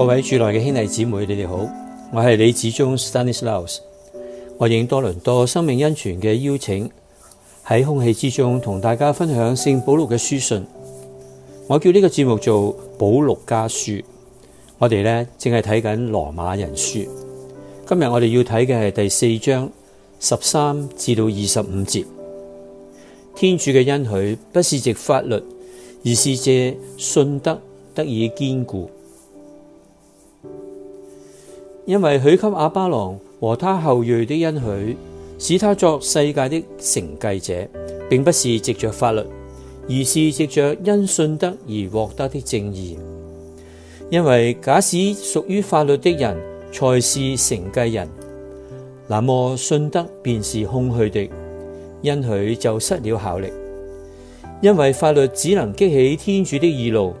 各位主內嘅兄弟姊妹，你哋好，我係李子忠 Stanislaus，我應多倫多生命恩泉嘅邀請喺空氣之中同大家分享聖保祿嘅書信。我叫呢個節目做《保祿家書》，我哋咧正係睇緊《羅馬人書》，今日我哋要睇嘅係第四章十三至到二十五節。天主嘅恩許不是藉法律，而是借信德得以堅固。因為許給亞巴郎和他後裔的恩許，使他作世界的承繼者，並不是藉着法律，而是藉着因信德而獲得的正義。因為假使屬於法律的人才是承繼人，那麼信德便是空虛的，恩許就失了效力。因為法律只能激起天主的義怒，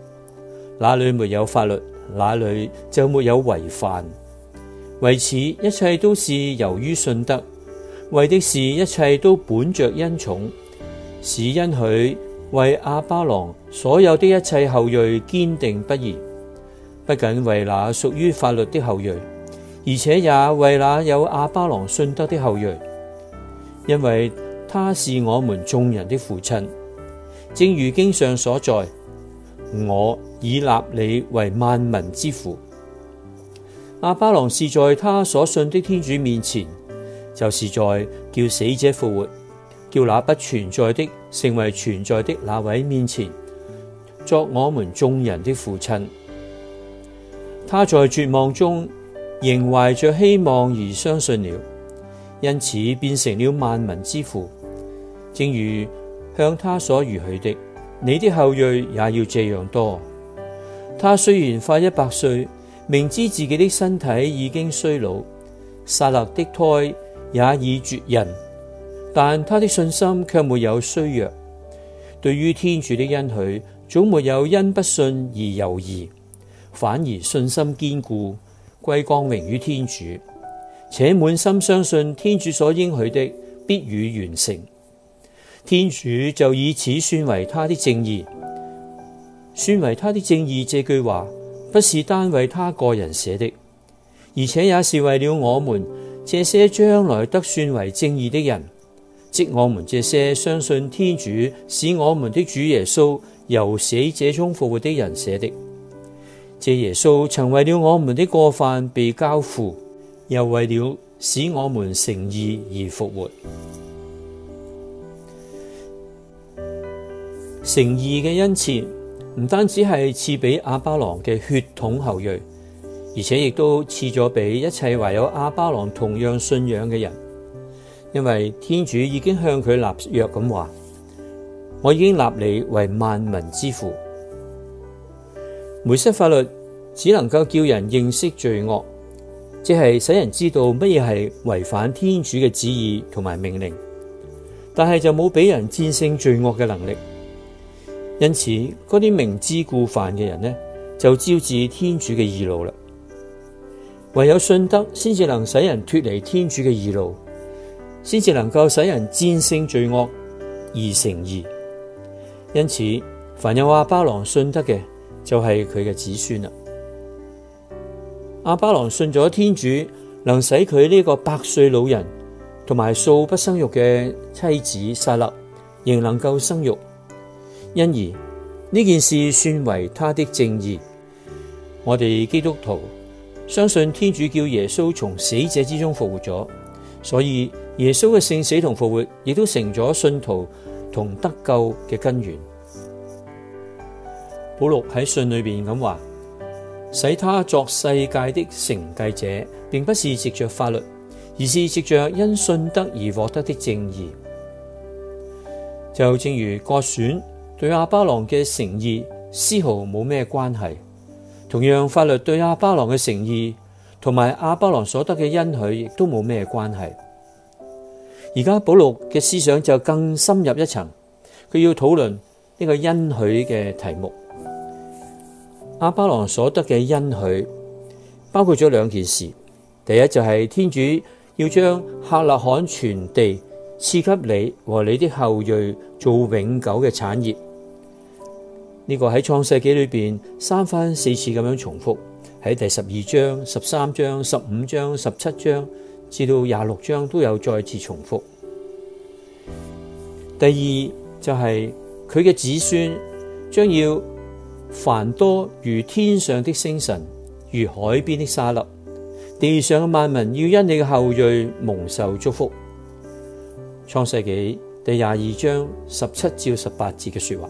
哪裡沒有法律，哪裡就沒有違犯。為此，一切都是由於信德，為的是一切都本着恩寵，使恩許為亞巴郎所有的一切後裔堅定不移，不僅為那屬於法律的後裔，而且也為那有亞巴郎信德的後裔，因為他是我們眾人的父親，正如經上所載，我已立你為萬民之父。亞巴郎是在他所信的天主面前，就是在叫死者復活、叫那不存在的成為存在的那位面前，作我們眾人的父親。他在絕望中仍懷着希望而相信了，因此便成了萬民之父。正如向他所預許的，你的後裔也要這樣多。他雖然快一百歲。明知自己的身體已經衰老，撒辣的胎也已絕孕，但他的信心卻沒有衰弱。對於天主的恩許，總沒有因不信而猶疑，反而信心堅固，歸光榮於天主，且滿心相信天主所應許的必予完成。天主就以此算為他的正義，算為他的正義。這句話。不是單為他個人寫的，而且也是為了我們這些將來得算為正義的人，即我們這些相信天主使我們的主耶穌由死者中復活的人寫的。這耶穌，曾為了我們的過犯被交付，又為了使我們成義而復活，成義嘅恩賜。唔單止係賜俾亞巴郎嘅血統後裔，而且亦都賜咗俾一切懷有亞巴郎同樣信仰嘅人，因為天主已經向佢立約咁話：我已經立你為萬民之父。梅瑟法律只能夠叫人認識罪惡，即係使人知道乜嘢係違反天主嘅旨意同埋命令，但係就冇俾人戰勝罪惡嘅能力。因此，嗰啲明知故犯嘅人呢，就招致天主嘅義怒啦。唯有信德，先至能使人脫離天主嘅義怒，先至能夠使人戰勝罪惡而成義。因此，凡有亞巴郎信德嘅，就係佢嘅子孫啦。亞巴郎信咗天主，能使佢呢個百歲老人同埋素不生育嘅妻子撒辣仍能夠生育。因而呢件事算為他的正義。我哋基督徒相信天主叫耶穌從死者之中復活咗，所以耶穌嘅聖死同復活亦都成咗信徒同得救嘅根源。保禄喺信裏邊咁話：使他作世界的承繼者，並不是借着法律，而是借着因信德而獲得的正義。就正如割損。對亞巴郎嘅成義絲毫冇咩關係，同樣法律對亞巴郎嘅成義同埋亞巴郎所得嘅恩許亦都冇咩關係。而家保祿嘅思想就更深入一層，佢要討論呢個恩許嘅題目。亞巴郎所得嘅恩許包括咗兩件事。第一就係天主要將客納罕全地賜給你和你的後裔做永久嘅產業。呢個喺創世紀裏邊三番四次咁樣重複，喺第十二章、十三章、十五章、十七章至到廿六章都有再次重複。第二就係佢嘅子孫將要繁多如天上的星辰，如海邊的沙粒，地上嘅萬民要因你嘅後裔蒙受祝福。創世紀第廿二章十七至十八節嘅說話。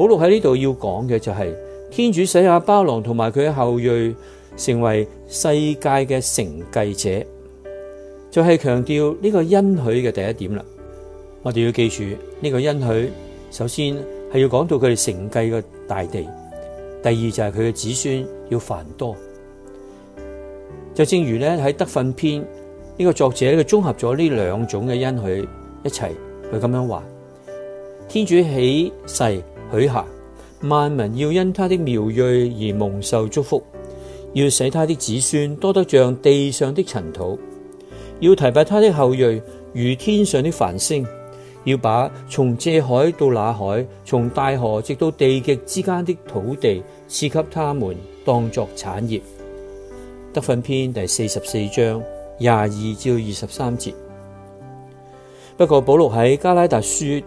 保祿喺呢度要講嘅就係、是、天主使亞巴郎同埋佢後裔成為世界嘅承繼者，就係、是、強調呢個恩許嘅第一點啦。我哋要記住呢、這個恩許，首先係要講到佢哋承繼嘅大地，第二就係佢嘅子孫要繁多。就正如咧喺德訓篇呢、這個作者佢個綜合咗呢兩種嘅恩許一齊，佢咁樣話：天主起誓。許下萬民要因他的苗裔而蒙受祝福，要使他的子孫多得像地上的塵土，要提拔他的後裔如天上的繁星，要把從這海到那海，從大河直到地極之間的土地賜給他們當作產業。德訓篇第四十四章廿二至二十三節。不過保祿喺迦拉達書。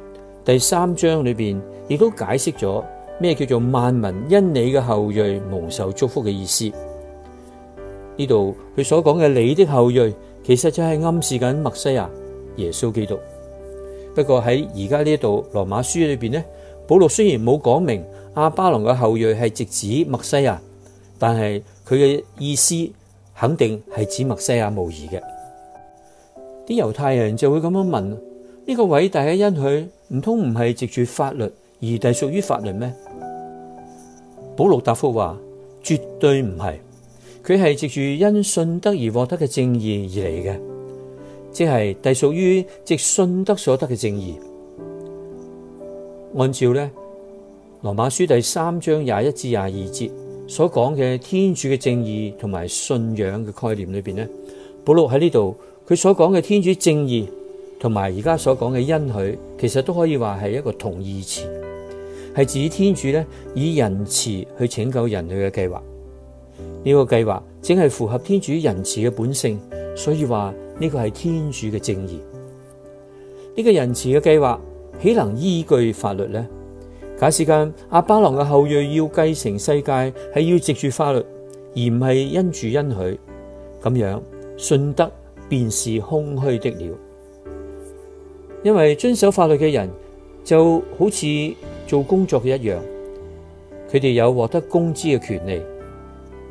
第三章裏邊亦都解釋咗咩叫做萬民因你嘅後裔蒙受祝福嘅意思。呢度佢所講嘅你的後裔，其實就係暗示緊默西亞耶穌基督。不過喺而家呢度羅馬書裏邊呢，保祿雖然冇講明亞巴郎嘅後裔係直指默西亞，但係佢嘅意思肯定係指默西亞無疑嘅。啲猶太人就會咁樣問。呢個偉大嘅恩許，唔通唔係藉住法律而隸屬於法律咩？保祿答覆話絕對唔係，佢係藉住因信德而獲得嘅正義而嚟嘅，即係隸屬於藉信德所得嘅正義。按照咧羅馬書第三章廿一至廿二節所講嘅天主嘅正義同埋信仰嘅概念裏邊咧，保祿喺呢度佢所講嘅天主正義。同埋而家所講嘅恩許，其實都可以話係一個同義詞，係指天主咧以仁慈去拯救人類嘅計劃。呢個計劃正係符合天主仁慈嘅本性，所以話呢個係天主嘅正義。呢個仁慈嘅計劃豈能依據法律呢？假使阿巴郎嘅後裔要繼承世界，係要藉住法律而唔係因住恩許咁樣，信德便是空虛的了。因為遵守法律嘅人就好似做工作嘅一樣，佢哋有獲得工資嘅權利，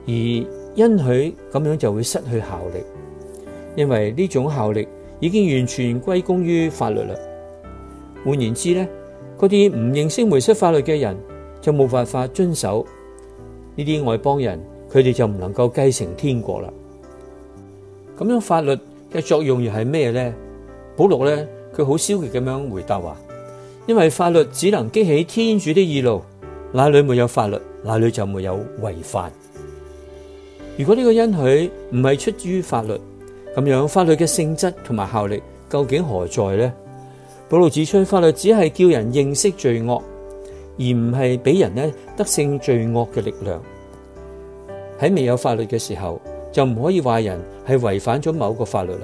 而恩許咁樣就會失去效力。因為呢種效力已經完全歸功於法律啦。換言之咧，嗰啲唔認識梅瑟法律嘅人就冇辦法遵守呢啲外邦人，佢哋就唔能夠繼承天國啦。咁樣法律嘅作用又係咩咧？保祿咧？佢好消極咁樣回答話：「因為法律只能激起天主的義怒，哪裏沒有法律，哪裏就沒有違犯。如果呢個恩許唔係出自於法律，咁樣法律嘅性質同埋效力究竟何在呢？」保祿指出，法律只係叫人認識罪惡，而唔係俾人得勝罪惡嘅力量。喺未有法律嘅時候，就唔可以話人係違反咗某個法律啦。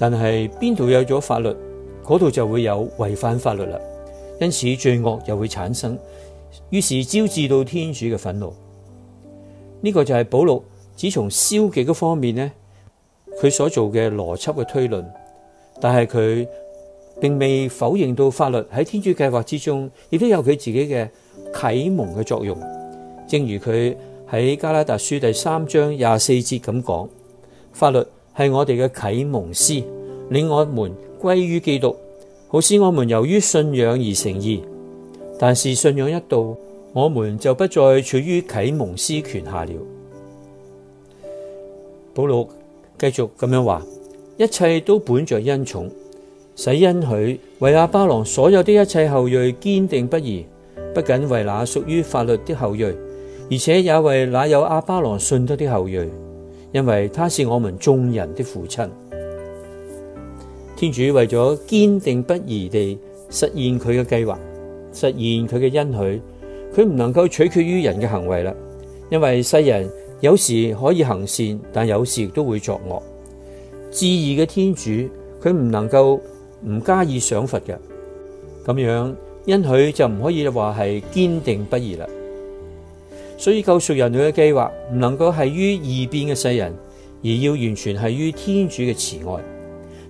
但係邊度有咗法律，嗰度就會有違反法律啦，因此罪惡又會產生，於是招致到天主嘅憤怒。呢、呢個就係保祿只從消極嘅方面呢，佢所做嘅邏輯嘅推論，但係佢並未否認到法律喺天主計劃之中，亦都有佢自己嘅啟蒙嘅作用。正如佢喺迦拉達書第三章廿四節咁講，法律。係我哋嘅啟蒙師，令我們歸於基督，好使我們由於信仰而成義。但是信仰一到，我們就不再處於啟蒙師權下了。保祿繼續咁樣話：「一切都本着恩寵，使恩許為阿巴郎所有的一切後裔堅定不移，不僅為那屬於法律的後裔，而且也為那有阿巴郎信德的後裔。因為他是我們眾人的父親，天主為咗堅定不移地實現佢嘅計劃，實現佢嘅恩許，佢唔能夠取決於人嘅行為啦。因為世人有時可以行善，但有時都會作惡。至義嘅天主，佢唔能夠唔加以賞罰嘅，咁樣恩許就唔可以話係堅定不移啦。所以救贖人類嘅計劃唔能夠係於異變嘅世人，而要完全係於天主嘅慈愛。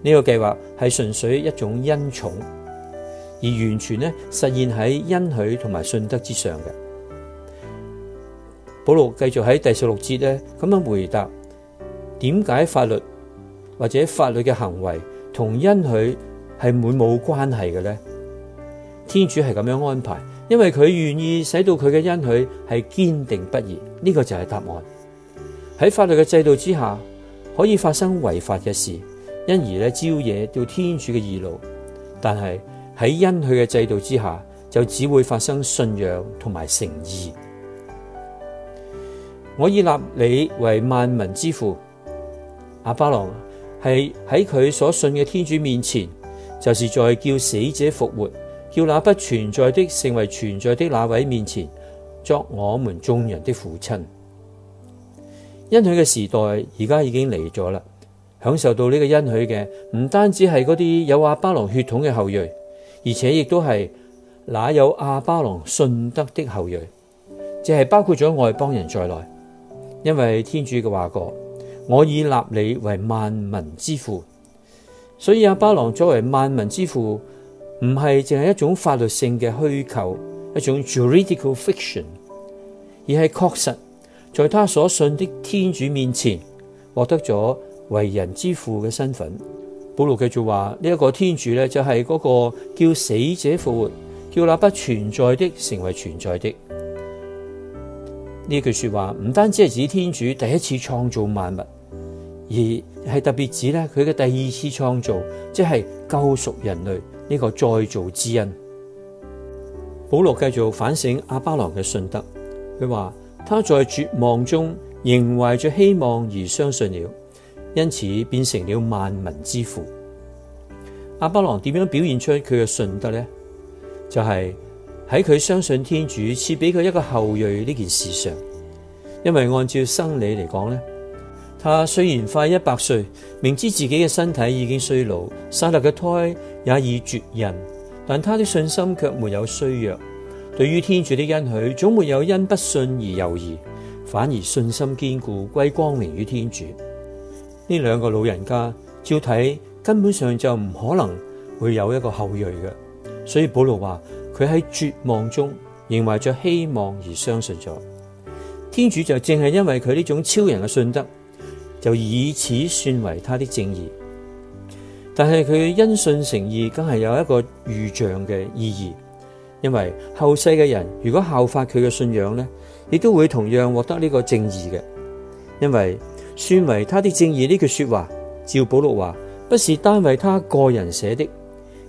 呢、這個計劃係純粹一種恩寵，而完全咧實現喺恩許同埋信德之上嘅。保祿繼續喺第十六節呢，咁樣回答：點解法律或者法律嘅行為同恩許係會冇關係嘅呢？天主係咁樣安排。因為佢願意使到佢嘅恩許係堅定不移，呢個就係答案。喺法律嘅制度之下，可以發生違法嘅事，因而咧招惹到天主嘅義怒。但係喺恩許嘅制度之下，就只會發生信仰同埋誠意。我已立你為萬民之父，阿巴郎係喺佢所信嘅天主面前，就是在叫死者復活。叫那不存在的成為存在的那位面前，作我們眾人的父親。恩許嘅時代而家已經嚟咗啦，享受到呢個恩許嘅唔單止係嗰啲有亞巴郎血統嘅後裔，而且亦都係那有亞巴郎信德的後裔，即係包括咗外邦人在內。因為天主嘅話過，我已立你為萬民之父，所以亞巴郎作為萬民之父。唔係淨係一種法律性嘅虛構，一種 juridical fiction，而係確實在他所信的天主面前，獲得咗為人之父嘅身份。保祿繼續話：呢、這、一個天主咧，就係嗰個叫死者復活、叫那不存在的成為存在的。呢句說話，唔單止係指天主第一次創造萬物。而係特別指咧佢嘅第二次創造，即係救贖人類呢個再造之恩。保羅繼續反省阿巴郎嘅信德，佢話他在絕望中仍懷着希望而相信了，因此變成了萬民之父。阿巴郎點樣表現出佢嘅信德呢？就係喺佢相信天主賜俾佢一個後裔呢件事上，因為按照生理嚟講呢。他雖然快一百歲，明知自己嘅身體已經衰老，撒辣嘅胎也已絕孕，但他的信心卻沒有衰弱。對於天主的恩許，總沒有因不信而猶疑，反而信心堅固，歸光榮於天主。呢兩個老人家照睇根本上就唔可能會有一個後裔嘅，所以保羅話佢喺絕望中仍懷著希望而相信咗天主，就正係因為佢呢種超人嘅信德。就以此算為他的正義，但係佢因信成義，梗係有一個預象嘅意義，因為後世嘅人如果效法佢嘅信仰呢，亦都會同樣獲得呢個正義嘅。因為算為他的正義呢句說話，照保祿話，不是單為他個人寫的，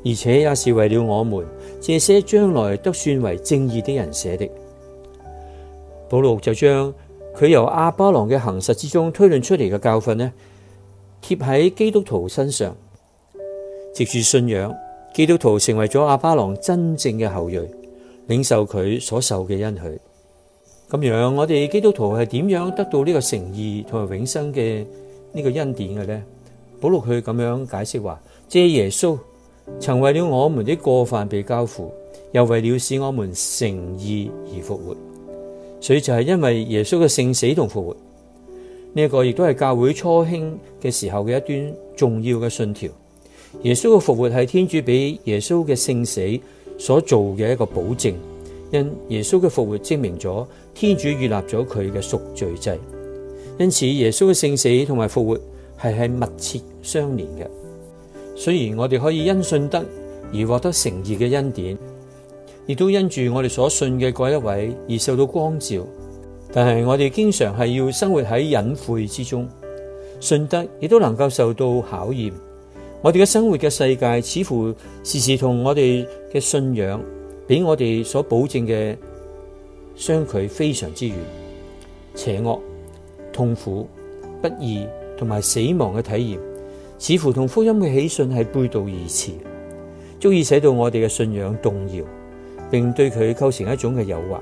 而且也是為了我們這些將來都算為正義的人寫的。保祿就將。佢由亞巴郎嘅行實之中推論出嚟嘅教訓呢，貼喺基督徒身上，藉住信仰，基督徒成為咗亞巴郎真正嘅後裔，領受佢所受嘅恩許。咁樣，我哋基督徒係點樣得到呢個成義同埋永生嘅呢個恩典嘅呢？保祿佢咁樣解釋話，即耶穌曾為了我們的過犯被交付，又為了使我們成義而復活。所以就係因為耶穌嘅聖死同復活，呢、這、一個亦都係教會初興嘅時候嘅一段重要嘅信條。耶穌嘅復活係天主俾耶穌嘅聖死所做嘅一個保證，因耶穌嘅復活證明咗天主預立咗佢嘅贖罪祭，因此耶穌嘅聖死同埋復活係係密切相連嘅。雖然我哋可以因信德而獲得成義嘅恩典。亦都因住我哋所信嘅嗰一位而受到光照，但係我哋經常係要生活喺隱晦之中。信德亦都能夠受到考驗。我哋嘅生活嘅世界似乎時時同我哋嘅信仰俾我哋所保證嘅相距非常之遠。邪惡、痛苦、不義同埋死亡嘅體驗，似乎同福音嘅喜訊係背道而馳，足以使到我哋嘅信仰動搖。並對佢構成一種嘅誘惑，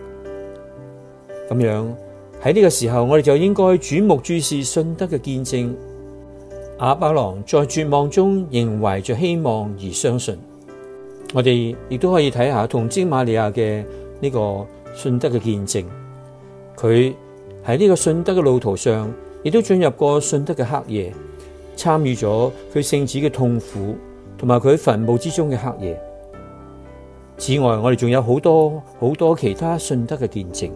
咁樣喺呢個時候，我哋就應該轉目注視信德嘅見證。亞巴郎在絕望中仍懷着希望而相信。我哋亦都可以睇下童貞瑪利亞嘅呢個信德嘅見證。佢喺呢個信德嘅路途上，亦都進入過信德嘅黑夜，參與咗佢聖子嘅痛苦，同埋佢喺墳墓之中嘅黑夜。此外，我哋仲有好多好多其他信德嘅見證。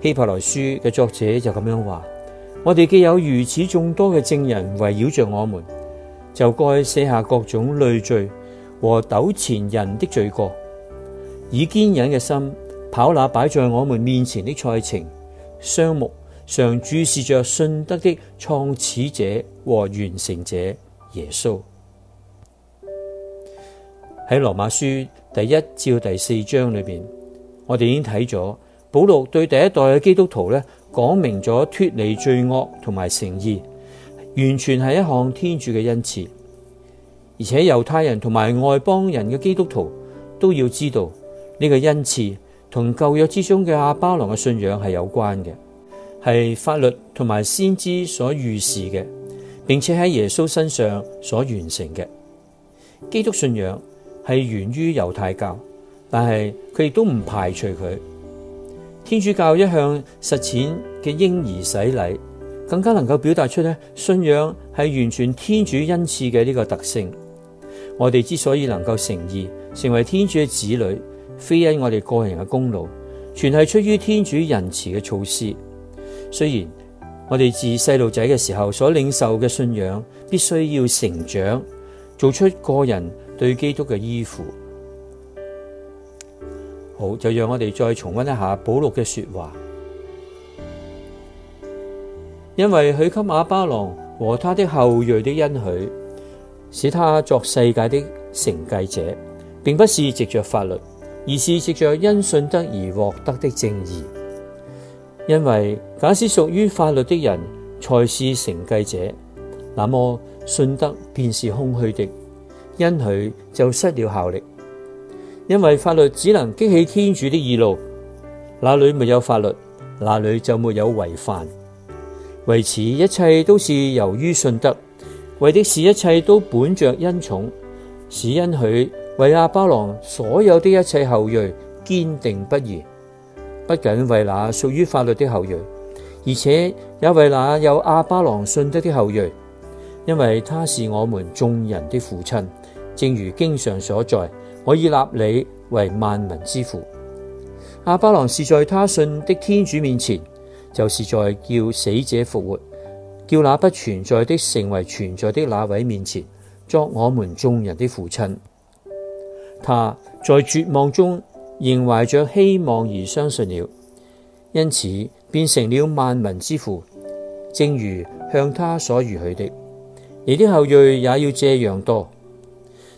希伯來書嘅作者就咁樣話：「我哋既有如此眾多嘅證人圍繞着我們，就該卸下各種累贅和糾纏人的罪過，以堅忍嘅心跑那擺在我們面前的賽程，雙目常注視着信德的創始者和完成者耶穌。喺羅馬書第一至第四章裏邊，我哋已經睇咗保祿對第一代嘅基督徒咧講明咗脫離罪惡同埋成義，完全係一項天主嘅恩賜。而且猶太人同埋外邦人嘅基督徒都要知道呢、這個恩賜同舊約之中嘅亞巴郎嘅信仰係有關嘅，係法律同埋先知所預示嘅，並且喺耶穌身上所完成嘅基督信仰。係源於猶太教，但係佢亦都唔排除佢。天主教一向實踐嘅嬰兒洗禮，更加能夠表達出咧信仰係完全天主恩賜嘅呢個特性。我哋之所以能夠成義，成為天主嘅子女，非因我哋個人嘅功勞，全係出於天主仁慈嘅措施。雖然我哋自細路仔嘅時候所領受嘅信仰，必須要成長。做出個人對基督嘅依附，好，就讓我哋再重溫一下保祿嘅說話。因為許給亞巴郎和他的後裔的恩許，使他作世界的承繼者，並不是藉着法律，而是藉着因信德而獲得的正義。因為假使屬於法律的人才是承繼者，那麼信德便是空虛的，恩許就失了效力，因為法律只能激起天主的義怒，那裡沒有法律，那裡就沒有違犯。為此，一切都是由於信德，為的是一切都本着恩寵，使恩許為亞巴郎所有的一切後裔堅定不移，不僅為那屬於法律的後裔，而且也為那有亞巴郎信德的後裔。因為他是我們眾人的父親，正如經上所載，我已立你為萬民之父。亞巴郎是在他信的天主面前，就是在叫死者復活，叫那不存在的成為存在的那位面前，作我們眾人的父親。他在絕望中仍懷着希望而相信了，因此變成了萬民之父，正如向他所預許的。而啲後裔也要這樣多。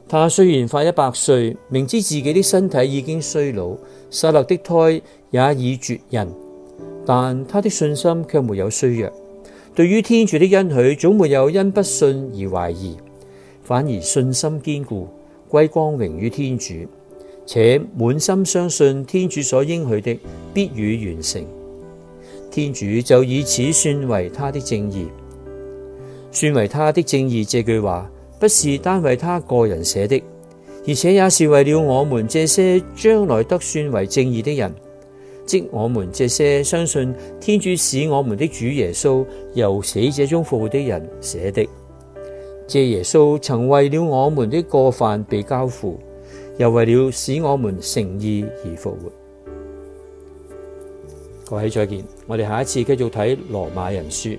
他雖然快一百歲，明知自己的身體已經衰老，撒辣的胎也已絕孕，但他的信心卻沒有衰弱。對於天主的恩許，總沒有因不信而懷疑，反而信心堅固，歸光榮於天主，且滿心相信天主所應許的必予完成。天主就以此算為他的正義。算為他的正義，這句話，不是單為他個人寫的，而且也是為了我們這些將來得算為正義的人，即我們這些相信天主使我們的主耶穌由死者中復活的人寫的。這耶穌曾為了我們的過犯被交付，又為了使我們成義而復活。各位再見，我哋下一次繼續睇羅馬人書。